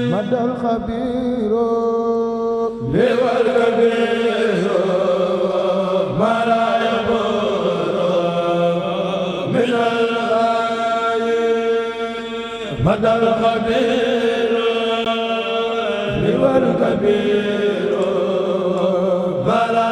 مدى الخبير للكبير ما لا يبر من الغايب مدى الخبير للكبير ما لا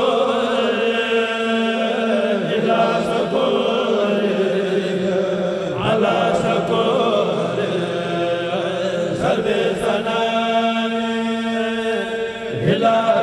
ila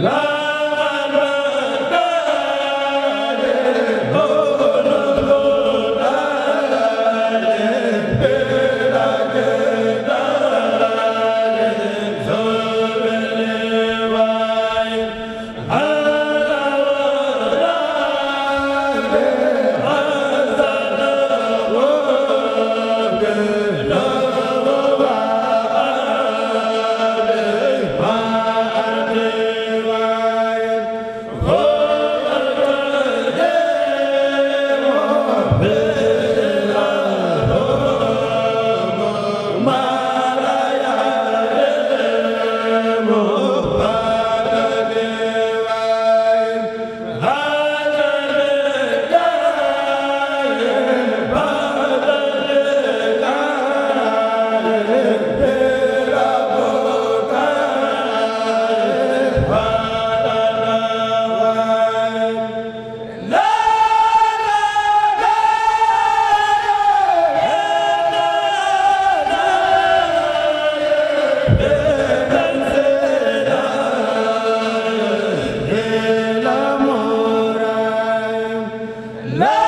la la